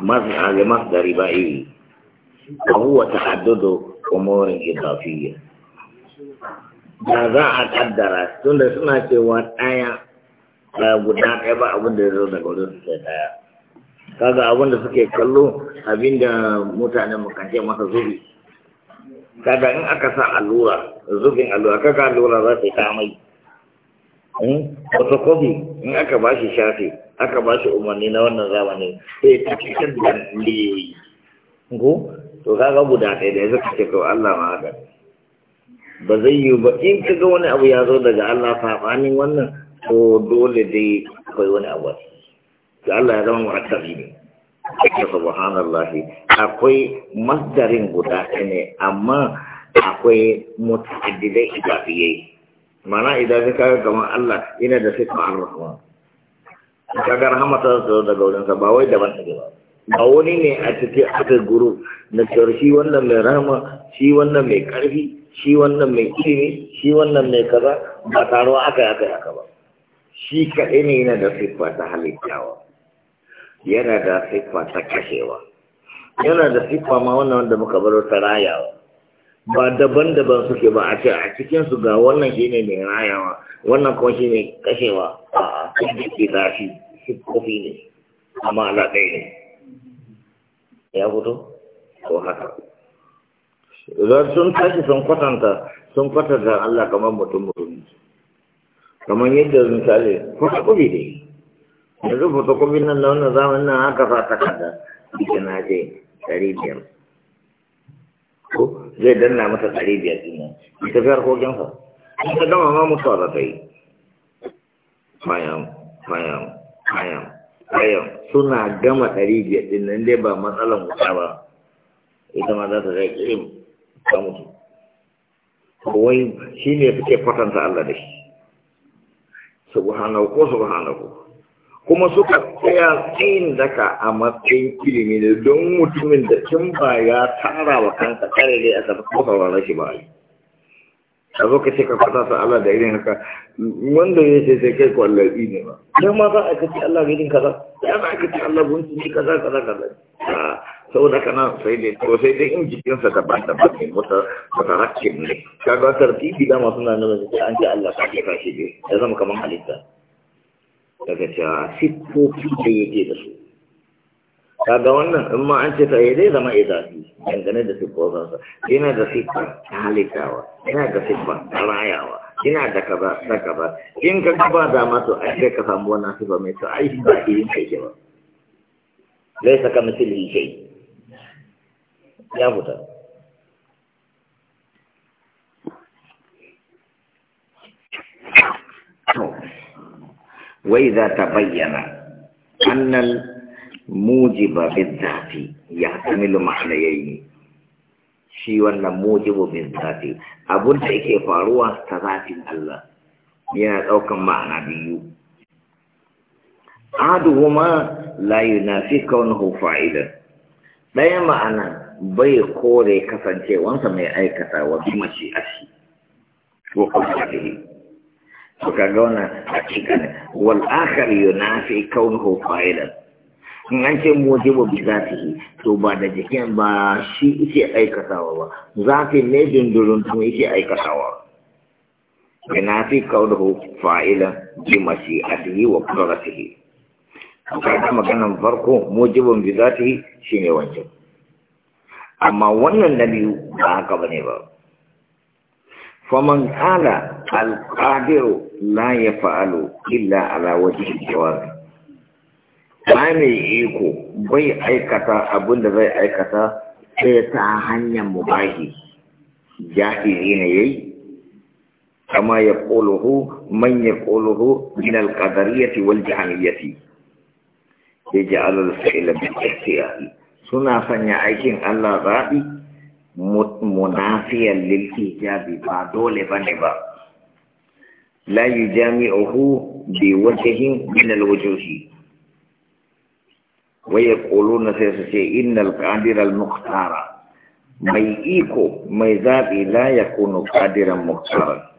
مصدر مصدر بائي وهو تعدد أمور إضافية da za a kaddara tun da suna cewa ɗaya da guda ɗaya ba abin da zo daga wurin sai ɗaya kaga abin da suke kallo abin da mutane makance masa zubi kaga in aka sa allura zubin allura kaga allura za ta yi kamai in hmm? kofi in aka ba shi shafi aka ba shi umarni na wannan zamani sai ta cikin da liyoyi ko to ga guda ɗaya da ya zaka ce kawai Allah ma haka ba zai yi ba in ka ga wani abu ya zo daga Allah saɓanin wannan to dole dai akwai wani abu a da Allah ya zama murattabi ne ake subhanallahi akwai masdarin guda ɗaya ne amma akwai mutaaddidai idafiyai mana idan ka ga kamar Allah yana da sifa ar-rahman ga rahmatar da daga wurin sa ba wai ban take ba ba wani ne a cikin aka guru na cewar shi wannan mai rahma shi wannan mai karfi shi wannan mai ilimi shi wannan mai kaza ba taruwa aka aka aka ba shi kaɗai ne yana da siffa ta halittawa yana da siffa ta kashewa yana da siffa ma wannan wanda muka baro ta rayawa ba daban-daban suke ba a ce a cikinsu ga wannan shine mai rayawa wannan kuma shi ne kashewa a cikin zafi shi kofi ne amma ala ɗaya ne ya fito ko haka idan sun tashi sun kwatanta sun kwatanta Allah kamar mutum mutum kamar yadda kwata kofi ne yanzu fotokofi nan da wannan zamanin nan aka sa takarda bikin na je biyar ko zai danna mata ɗari biyar ɗin nan ita fiyar kokin in ka gama ma mutuwa za ta yi Bayan, bayan, bayan, bayan. suna gama ɗari biyar ɗin nan dai ba matsalan wuta ba ita ma za ta zai ƙirin ta mutu wai shi ne suke kwatanta Allah da shi subhanahu ko subhanahu kuma suka tsaya tsayin daka a matsayin ilimi ne don mutumin da kin ba ya tara wa kanka kare dai a tafi kofar wa rashi ba a zo ka ce ka fata sa Allah da irin haka wanda ya ce sai kai kwallabi ne ba don ma za a kace Allah ga irin kaza ya za a kace Allah gunci ne kaza kaza kaza saboda kana sai dai to sai dai in jikin sa ta ba ne wata wata rakin ne kaga tartibi da masu nan ne an ce Allah ka kace shi dai ya zama kaman halitta daga cewa siffofi da yake da su kaga wannan in ma an ce ta yi eh, zai zama eh, zafi dangane da siffofinsa yana da siffa ta halittawa yana da sifa ta rayawa yana da kaza da kaza in ka kaba da ma to ai ka samu wannan siffa mai to ai ba yi kai ke ba zai saka mutum yi ya fita وإذا تبين أن الموجب ya يحتمل معنيين shi wannan mujibu bin zati abun da yake faruwa ta zatin Allah yana daukan ma'ana biyu aduhuma la yunafi kaunahu fa'ilan ɗaya ma'ana bai kore kasancewansa mai aikata wa kuma shi ashi ko kawai wal حقيقة yunafi kaunuhu كونه in an ce mujibu bi zatihi to ba da jikin ba shi yake aikatawa ba zafi ne dindurun to yake aikatawa yunafi kaunuhu fa'ila bi mashi'atihi wa qudratihi da maganan farko mujibun bi zatihi shine wancan amma wannan na ba haka bane ba faman kala alƙadiru la ya fa'alu illa ala wajen jawabi mai iko bai aikata abin da zai aikata sai ta hanyar mubahi jahili ne yayi kama ya ƙoluhu man ya ƙoluhu min alƙadariyati wal jahaniyati ya ji alal ihtiyari suna sanya aikin Allah zaɓi منافيا للحجاب فدول بنبا لا يجامعه بوجه من الوجوه ويقولون سيسسي إن القادر المختار ميئيكو ميزابي لا يكون قادرا مختارا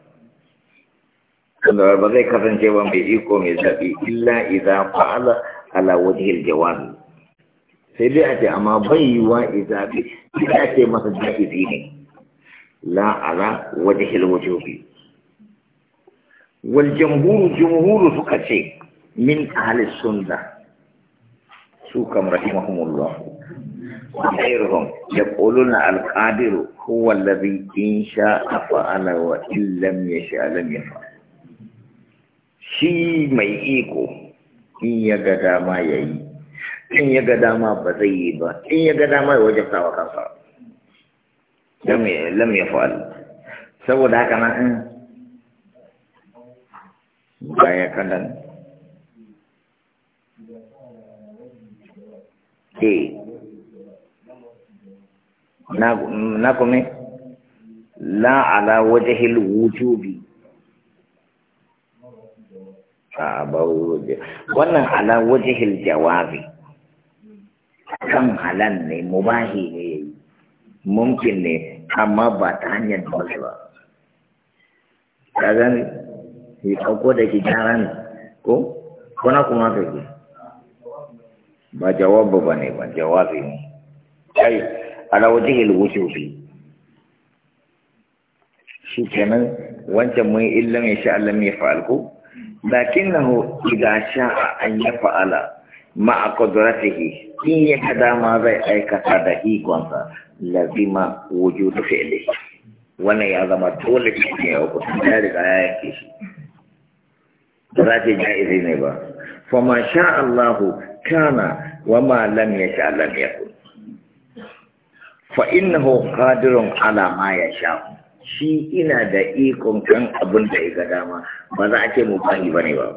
عندما بذلك كثيرا ميئيكو ميزابي إلا إذا فعل على وجه الجوانب sai dai a ce amma bai yi wa izabi sai a ce masa jafi ne la ala wajen hilmocin bi wajen buru jimuhuru suka ce min ahalis sunda su kamar himahumullo a ɗairuhun da ƙoluna alƙadiru kowal da bi in sha a fa'ala wa illam ya sha alam ya fa shi mai iko in ya ga dama ya yi in ya ga dama ba zai yi ba in ya ga dama ya wajabta wa kansa lam ya fa'al saboda haka nan in baya kanan ke na na kuma la ala wajhil wujubi a ba wannan ala wajhil jawabi kan halan ne mubahi ne mumkin ne amma ba ta hanyar dole ba ka gani ya ɗauko da ki gyara ne ko kuna kuma ka ke ba jawabu ba ne ba jawabi ne kai ala wajihil wujubi shi kenan wancan mun illa mai sha'alar Allah mai lakin na lakinnahu idza sha'a an fa'ala. ma'akodratihi in ya hada zai aikata da ikonsa lazima wujud fi'li wani ya zama dole shi ne ya ku ya riga ya yake shi ba za ta jaizi ne ba fa ma Allah kana wa ma lam yasha lam yakun fa innahu qadirun ala ma yasha shi ina da ikon kan abin da ya ga dama ba za a ce mu ba ne ba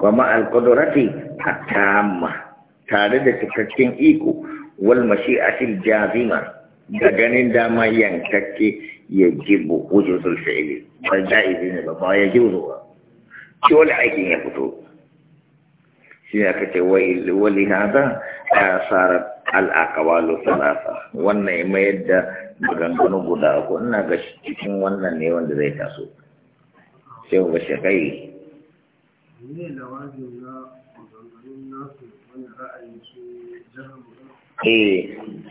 wa ma'al qudrati at tare da cikakken iko wal mashi'atil jazima da ganin dama yankake ya jibo wujudul fi'li bal ja'izi ne ba ya jibo ba ki wala aikin ya fito shi aka ce wali hada a sarar aqwal salasa wannan ya mayar da maganganu guda ko ina ga cikin wannan ne wanda zai taso sai ga shakai eh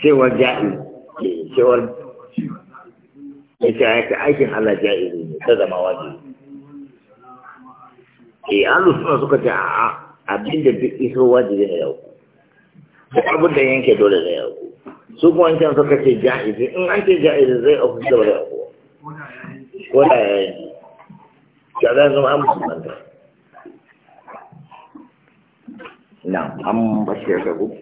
cewa ja'i eh, cewar ya ce aikin Allah ja'i ne ta zama wajibi eh alu suna suka ce a abin da duk iso waje ne yau duk abin da yanke dole na yau su kuma wancan suka ce ja'izi in an ce zai ofi da wani ko da yayin ya zama musulmanta Nah, am bashi ya gabu.